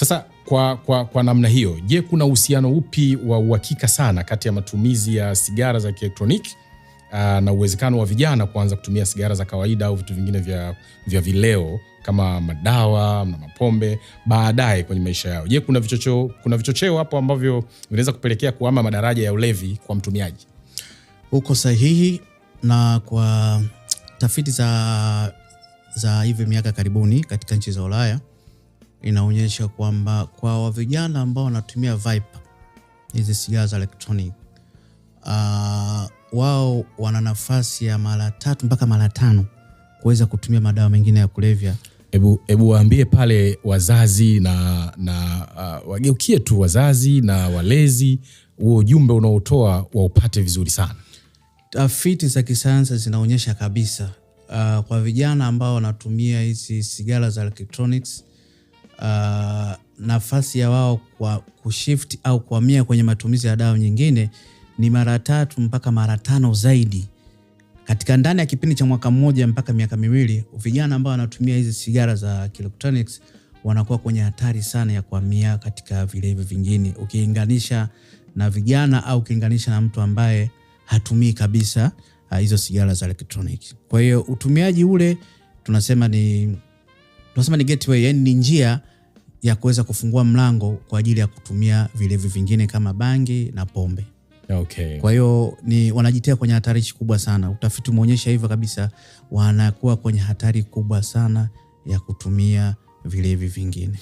Sasa kwa, kwa, kwa namna hiyo, je, kuna uhusiano upi wa uhakika sana kati ya matumizi ya sigara za kielektroniki ah, na uwezekano wa vijana kuanza kutumia sigara za kawaida au vitu vingine vya, vya vileo kama madawa na mapombe baadaye kwenye maisha yao? Je, kuna vichocheo kuna vichocheo hapo ambavyo vinaweza kupelekea kuama madaraja ya ulevi kwa mtumiaji? Uko sahihi, na kwa tafiti za, za hivi miaka karibuni katika nchi za Ulaya inaonyesha kwamba kwa, kwa vijana ambao wanatumia Viper hizi sigara za electronic uh, wao wana nafasi ya mara tatu mpaka mara tano kuweza kutumia madawa mengine ya kulevya. Hebu hebu waambie pale wazazi na, na uh, wageukie tu wazazi na walezi, huo ujumbe unaotoa waupate vizuri sana. Tafiti za kisayansi zinaonyesha kabisa uh, kwa vijana ambao wanatumia hizi sigara za electronics uh, nafasi ya wao kwa kushift au kuhamia kwenye matumizi ya dawa nyingine ni mara tatu mpaka mara tano zaidi katika ndani ya kipindi cha mwaka mmoja mpaka miaka miwili. Vijana ambao wanatumia hizi sigara za electronics wanakuwa kwenye hatari sana ya kuhamia katika vilevi vingine, ukilinganisha na vijana au ukilinganisha na mtu ambaye hatumii kabisa uh, hizo sigara za electronics. Kwa hiyo utumiaji ule tunasema ni tunasema ni gateway, yani ni njia ya kuweza kufungua mlango kwa ajili ya kutumia vilevi vingine kama bangi na pombe. Okay. Kwa hiyo ni wanajitia kwenye hatari kubwa sana. Utafiti umeonyesha hivyo kabisa, wanakuwa kwenye hatari kubwa sana ya kutumia vilevi vingine.